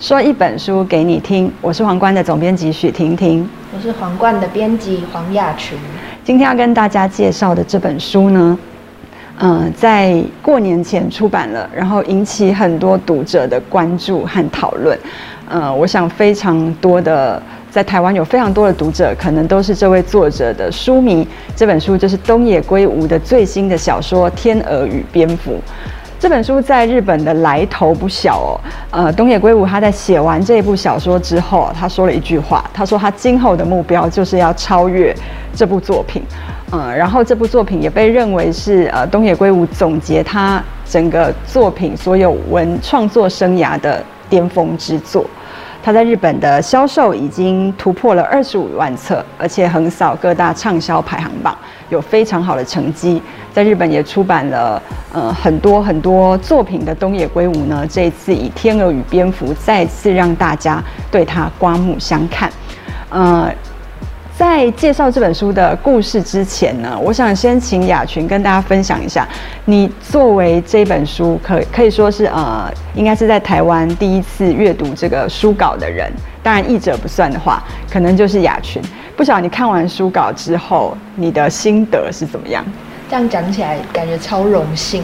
說一本書給你聽，我是皇冠的總編輯許婷婷，我是皇冠的編輯黃雅群。今天要跟大家介紹的這本書呢，呃，在過年前出版了，然後引起很多讀者的關注和討論。呃，我想非常多的在台灣有非常多的讀者，可能都是這位作者的書迷。這本書就是東野圭吾的最新的小說《天鵝與蝙蝠》。這本書在日本的來頭不小哦。呃，東野圭吾他在寫完這一部小說之後，他說了一句話，他說他今後的目標就是要超越這部作品。嗯、呃，然後這部作品也被認為是呃東野圭吾總結他整個作品所有文創作生涯的巔峰之作。他在日本的銷售已經突破了二十五萬冊，而且橫掃各大暢銷排行榜，有非常好的成績。在日本也出版了呃，很多很多作品的東野圭吾呢，這一次以《天鵝與蝙蝠》再次讓大家對他刮目相看，呃。在介紹這本書的故事之前呢，我想先請雅群跟大家分享一下，你作為這本書可以可以說是呃，應該是在台灣第一次閱讀這個書稿的人，當然譯者不算的話，可能就是雅群。不曉得你看完書稿之後，你的心得是怎麼樣？這樣講起來，感覺超榮幸。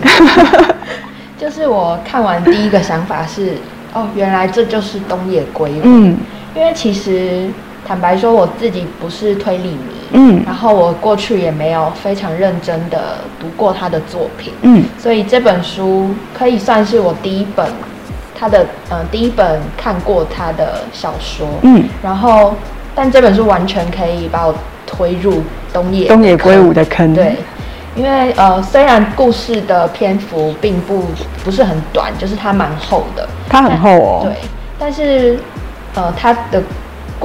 就是我看完第一個想法是，哦，原來這就是東野圭吾，嗯，因為其實。坦白說，我自己不是推理迷，嗯，然後我過去也沒有非常認真的讀過他的作品，嗯，所以這本書可以算是我第一本他的呃第一本看過他的小說，嗯，然後但這本書完全可以把我推入東野東野圭吾的坑，的坑對，因為呃雖然故事的篇幅並不不是很短，就是它蠻厚的，它很厚哦，對，但是呃它的。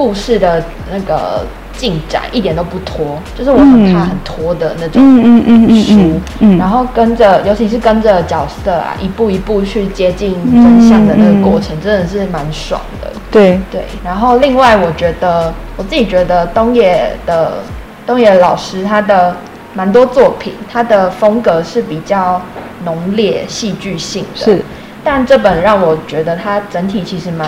故事的那個進展一點都不拖，就是我很怕很拖的那種書，嗯嗯嗯嗯，然後跟着，尤其是跟着角色啊，一步一步去接近真相的那個過程，嗯、真的是蠻爽的。對對。然後另外，我覺得我自己覺得東野的東野老師他的蠻多作品，他的風格是比較濃烈戲劇性的，是。但這本讓我覺得他整體其實蠻。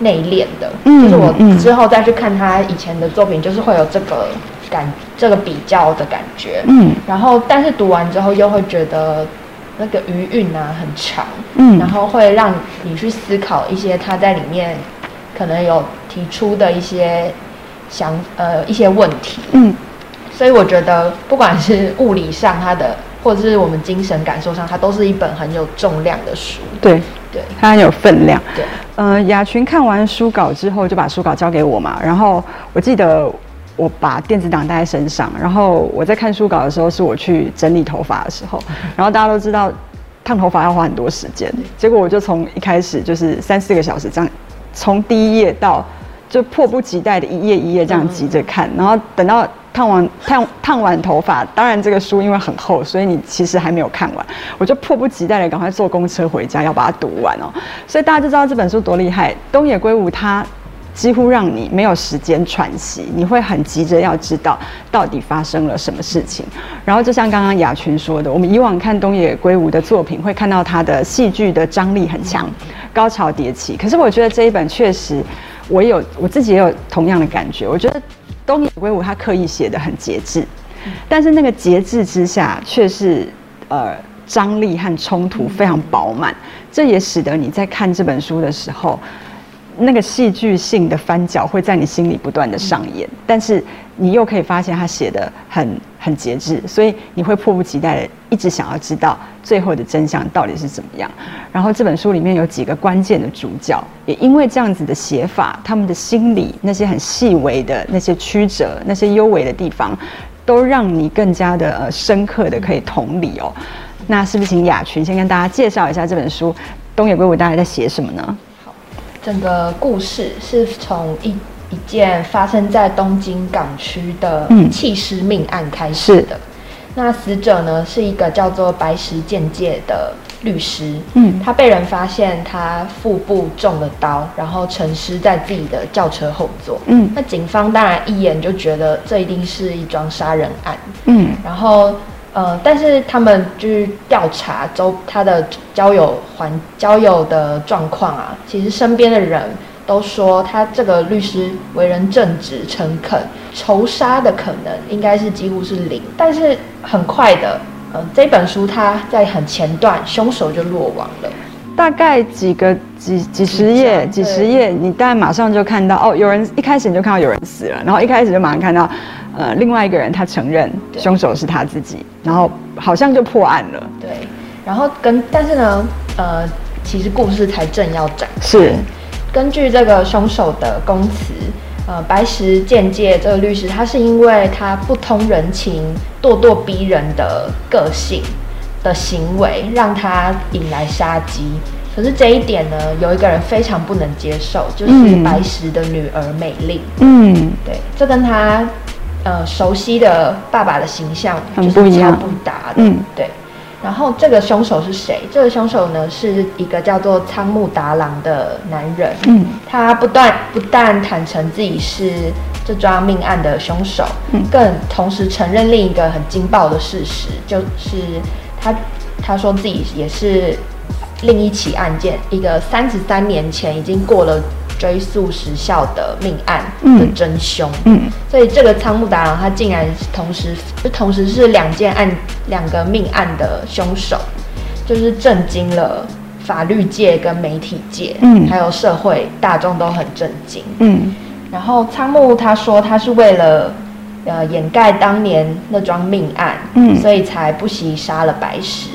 內斂的，嗯、就是我之後再去看他以前的作品，就是會有這個感，嗯、這個比較的感覺。嗯，然後但是讀完之後又會覺得那個餘韻啊很長，嗯，然後會讓你去思考一些他在裡面可能有提出的一些想呃一些問題，嗯，所以我覺得不管是物理上他的，或者是我們精神感受上，它都是一本很有重量的書，對。對，它很有分量。對，嗯、呃，雅群看完書稿之後，就把書稿交給我嘛。然後我記得我把電子檔帶在身上。然後我在看書稿的時候，是我去整理頭髮的時候。然後大家都知道，燙頭髮要花很多時間。對結果我就從一開始就是三四個小時這樣，從第一頁到就迫不及待的一頁一頁這樣急着看。嗯、然後等到。燙完燙燙完頭髮，當然這個書因為很厚，所以你其實還沒有看完，我就迫不及待地趕快坐公車回家，要把它讀完哦。所以大家就知道這本書多厲害。東野圭吾他幾乎讓你沒有時間喘息，你會很急着要知道到底發生了什麼事情。然後就像剛剛雅群說的，我們以往看東野圭吾的作品，會看到他的戲劇的張力很強，高潮迭起。可是我覺得這一本確實，我有我自己也有同樣的感覺，我覺得。東尼圭吾他刻意寫的很節制，嗯、但是那個節制之下卻是呃張力和衝突非常飽滿，這也使得你在看這本書的時候，那個戲劇性的翻角會在你心裡不斷的上演，嗯、但是你又可以發現他寫的很。很節制，所以你會迫不及待的一直想要知道最後的真相到底是怎麼樣。嗯、然後這本書裡面有幾個關鍵的主角，也因為這樣子的寫法，他們的心理那些很細微的那些曲折、那些幽微的地方，都讓你更加的、呃、深刻的可以同理哦。那是不是請雅群先跟大家介紹一下這本書？東野圭吾大概在寫什麼呢？好，整個故事是從一。一件發生在東京港區的棄屍命案開始的。嗯、那死者呢，是一個叫做白石健介的律師。嗯，他被人發現他腹部中了刀，然後沉屍在自己的轎車後座。嗯，那警方當然一眼就覺得這一定是一樁殺人案。嗯，然後呃，但是他們去調查周他的交友環交友的狀況啊，其實身邊的人。都說他這個律師為人正直、誠懇，仇殺的可能應該是幾乎是零。但是很快的，呃，這本書他在很前段，兇手就落網了，大概幾個幾幾十頁，幾十頁，對你大概馬上就看到哦，有人一開始你就看到有人死了，然後一開始就馬上看到，呃，另外一個人他承認兇手是他自己，對然後好像就破案了。對，然後跟但是呢，呃，其實故事才正要展示。根據這個兇手的供詞，呃，白石健介這個律師，他是因為他不通人情、咄咄逼人的個性的行為，讓他引來殺機。可是這一點呢，有一個人非常不能接受，就是白石的女兒美麗。嗯，對，這跟他呃熟悉的爸爸的形象就是差不多的嗯，對。然後這個凶手是誰？這個凶手呢是一個叫做倉木達郎的男人。嗯，他不但不但坦承自己是這樁命案的凶手，更同時承認另一個很驚爆的事實，就是他他說自己也是另一起案件，一個三十三年前已經過了。追訴時效的命案的真凶，嗯，嗯，所以這個倉木達郎他竟然同時同時是兩件案兩個命案的凶手，就是震驚了法律界跟媒體界，嗯，還有社會大眾都很震驚，嗯。然後倉木他說他是為了、呃、掩蓋當年那樁命案，嗯，所以才不惜殺了白石，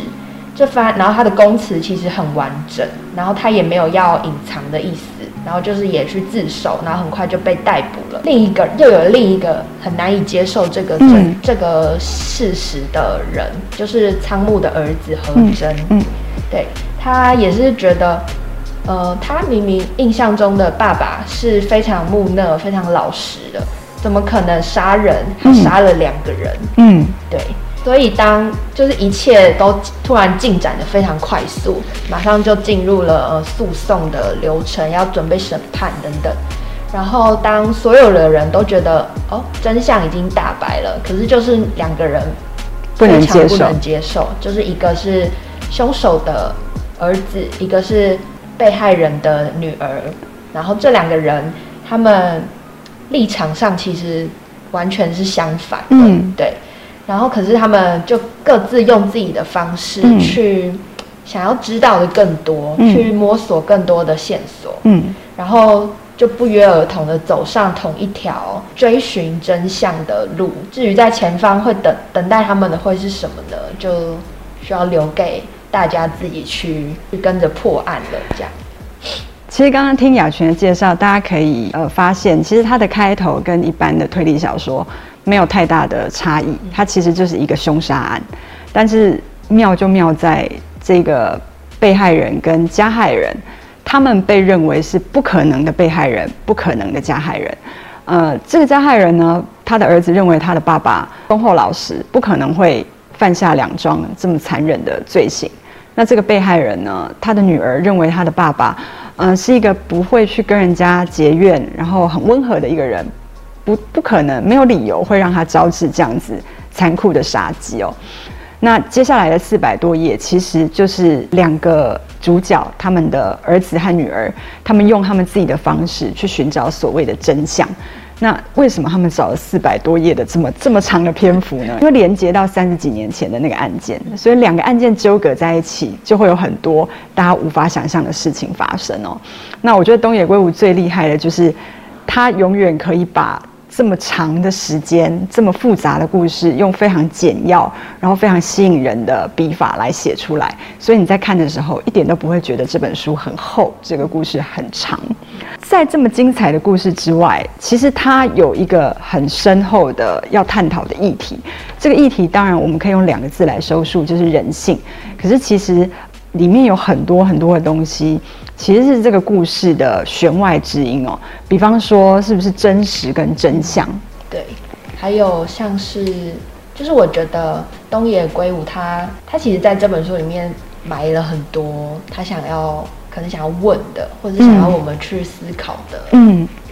這番然後他的供詞其實很完整，然後他也沒有要隱藏的意思。然後就是也去自首，然後很快就被逮捕了。另一個又有另一個很難以接受這個這、嗯、這個事實的人，就是倉木的兒子和真嗯。嗯，對他也是覺得，呃，他明明印象中的爸爸是非常木訥、非常老實的，怎麼可能殺人？他殺了兩個人。嗯，嗯對。所以，當就是一切都突然進展得非常快速，馬上就進入了、呃、訴訟的流程，要準備審判等等。然後，當所有的人都覺得，哦，真相已經大白了，可是就是兩個人非常不能接受，不能接受，就是一個是兇手的兒子，一個是被害人的女兒。然後這兩個人，他們立場上其實完全是相反的。嗯，對。然後，可是他們就各自用自己的方式去想要知道的更多，嗯、去摸索更多的線索，嗯，然後就不約而同的走上同一條追尋真相的路。至於在前方會等等待他們的會是什麼呢？就需要留給大家自己去，去跟着破案了。這樣，其實剛剛聽雅群的介紹，大家可以呃發現，其實它的開頭跟一般的推理小說。沒有太大的差異，它其實就是一個兇殺案，但是妙就妙在這個被害人跟加害人，他們被認為是不可能的被害人，不可能的加害人。呃，這個加害人呢，他的兒子認為他的爸爸忠厚老實，不可能會犯下兩樁這麼殘忍的罪行。那這個被害人呢，他的女兒認為他的爸爸，呃，是一個不會去跟人家結怨，然後很溫和的一個人。不，不可能，沒有理由會讓他招致這樣子殘酷的殺機哦。那接下來的四百多頁，其實就是兩個主角他們的兒子和女兒，他們用他們自己的方式去尋找所謂的真相。那為什麼他們找了四百多頁的這麼這麼長的篇幅呢？因為連接到三十幾年前的那個案件，所以兩個案件糾葛在一起，就會有很多大家無法想象的事情發生哦。那我覺得東野圭吾最厲害的就是，他永遠可以把這麼長的時間，這麼複雜的故事，用非常簡要，然後非常吸引人的筆法來寫出來，所以你在看的時候一點都不會覺得這本書很厚，這個故事很長。在這麼精彩的故事之外，其實它有一個很深厚的要探討的議題。這個議題當然我們可以用兩個字來收束，就是人性。可是其實，裡面有很多很多的東西，其實是這個故事的弦外之音哦、喔。比方說，是不是真實跟真相、嗯？對，還有像是，就是我覺得東野圭吾他他其實在這本書裡面埋了很多他想要可能想要問的，或者是想要我們去思考的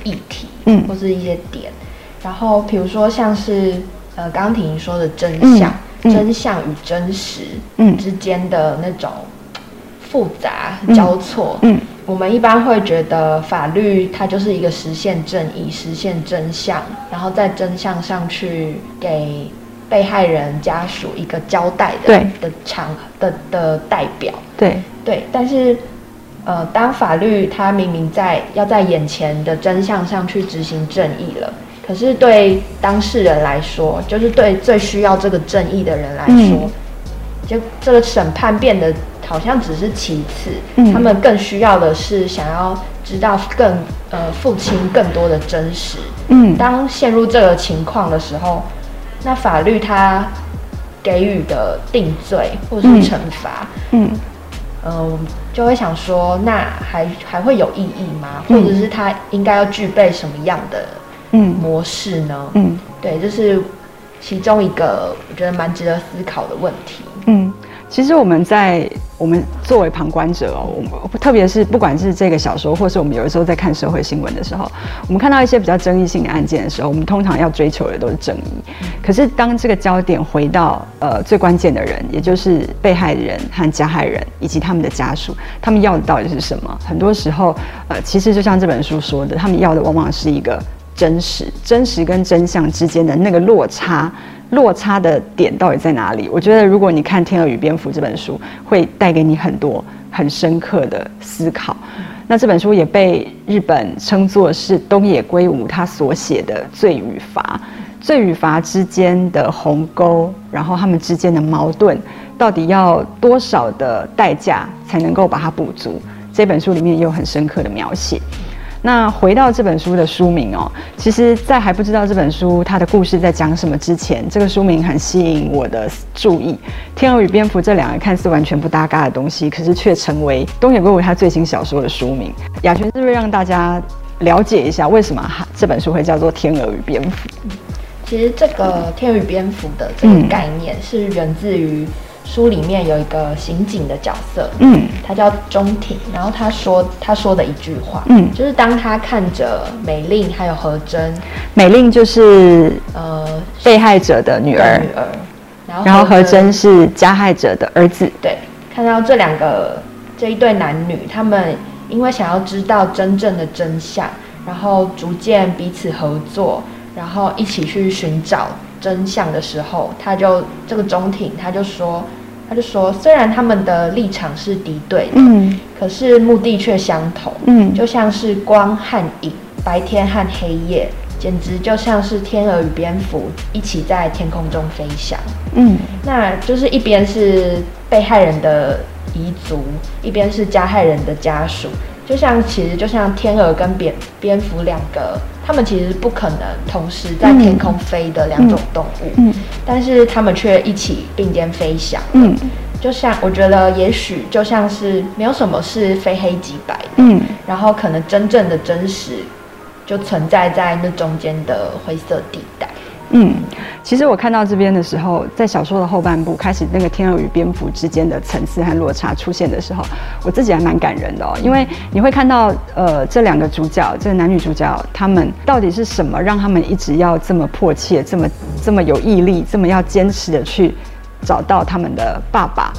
議題，嗯，或是一些點。嗯、然後比如說像是呃，剛剛婷婷說的真相、嗯嗯、真相與真實嗯之間的那種。複雜交錯，嗯，嗯，我們一般會覺得法律它就是一個實現正義、實現真相，然後在真相上去給被害人家屬一個交代的，對的場的的、的代表，對對。但是，呃，當法律它明明在要在眼前的真相上去執行正義了，可是對當事人來說，就是對最需要這個正義的人來說，嗯、就這個審判變得。好像只是其次，嗯、他們更需要的是想要知道更呃父親更多的真實。嗯，當陷入這個情況的時候，那法律他給予的定罪或者是懲罰，嗯，嗯就會想說那還還會有意義嗎？或者是他應該要具備什麼樣的嗯模式呢？嗯，嗯對，這、就是其中一個我覺得蠻值得思考的問題。嗯。其實我們在我們作為旁觀者哦，我們特別是不管是這個小說，或是我們有的時候在看社會新聞的時候，我們看到一些比較爭議性的案件的時候，我們通常要追求的都是正義。可是當這個焦點回到呃最關鍵的人，也就是被害人和加害人以及他們的家屬，他們要的到底是什麼？很多時候，呃，其實就像這本書說的，他們要的往往是一個。真實、真實跟真相之間的那個落差，落差的點到底在哪裡？我覺得，如果你看《天鵝與蝙蝠》這本書，會帶給你很多很深刻的思考。那這本書也被日本稱作是東野圭吾他所寫的《罪與罰》。罪與罰之間的鴻溝，然後他們之間的矛盾，到底要多少的代價才能夠把它補足？這本書裡面也有很深刻的描寫。那回到這本書的書名哦，其實，在還不知道這本書它的故事在講什麼之前，這個書名很吸引我的注意。天鵝與蝙蝠，這兩個看似完全不搭嘎的東西，可是卻成為東野圭吾他最新小說的書名。雅群是不是讓大家了解一下為什麼這本書會叫做《天鵝與蝙蝠》？其實，這個“天鵝與蝙蝠”的這個概念是源自於。書裡面有一個刑警的角色，嗯，他叫鍾婷。然後他說他說的一句話，嗯，就是當他看着美令還有何真，美令就是呃被害者的女兒，呃、女兒，然後何真是加害者的兒子，對，看到這兩個這一對男女，他們因為想要知道真正的真相，然後逐漸彼此合作，然後一起去尋找。真相的時候，他就這個中庭。他就說，他就說，雖然他們的立場是敵對的，嗯，可是目的卻相同，嗯，就像是光和影，白天和黑夜，簡直就像是天鵝與蝙蝠一起在天空中飛翔，嗯，那就是一邊是被害人的遺族，一邊是加害人的家屬，就像其實就像天鵝跟蝙蝙蝠兩個。他們其實不可能同時在天空飛的兩種動物，嗯嗯嗯、但是他們卻一起並肩飛翔了，嗯，就像我覺得，也許就像是沒有什麼是非黑即白的，嗯，然後可能真正的真實就存在在那中間的灰色地帶。嗯，其實我看到這邊的時候，在小說的後半部開始，那個天鵝與蝙蝠之間的層次和落差出現的時候，我自己還蠻感人的哦。因為你會看到，呃，這兩個主角，這個男女主角，他們到底是什麼讓他們一直要這麼迫切、這麼這麼有毅力、這麼要堅持的去找到他們的爸爸。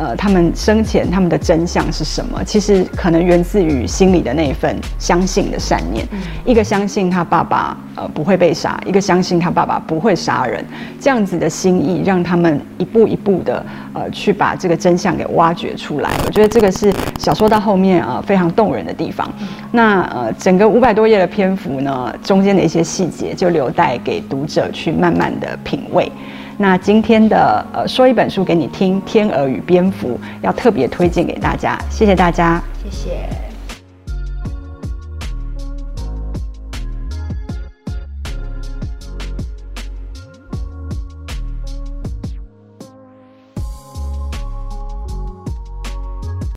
呃，他們生前他們的真相是什麼？其實可能源自於心裡的那一份相信的善念，嗯、一個相信他爸爸呃不會被殺，一個相信他爸爸不會殺人，這樣子的心意讓他們一步一步的呃去把這個真相給挖掘出來。我覺得這個是小說到後面啊、呃、非常動人的地方。嗯、那呃整個五百多頁的篇幅呢，中間的一些細節就留待給讀者去慢慢的品味。那今天的呃，說一本書給你聽，《天鵝與蝙蝠》，要特別推薦給大家，謝謝大家，謝謝。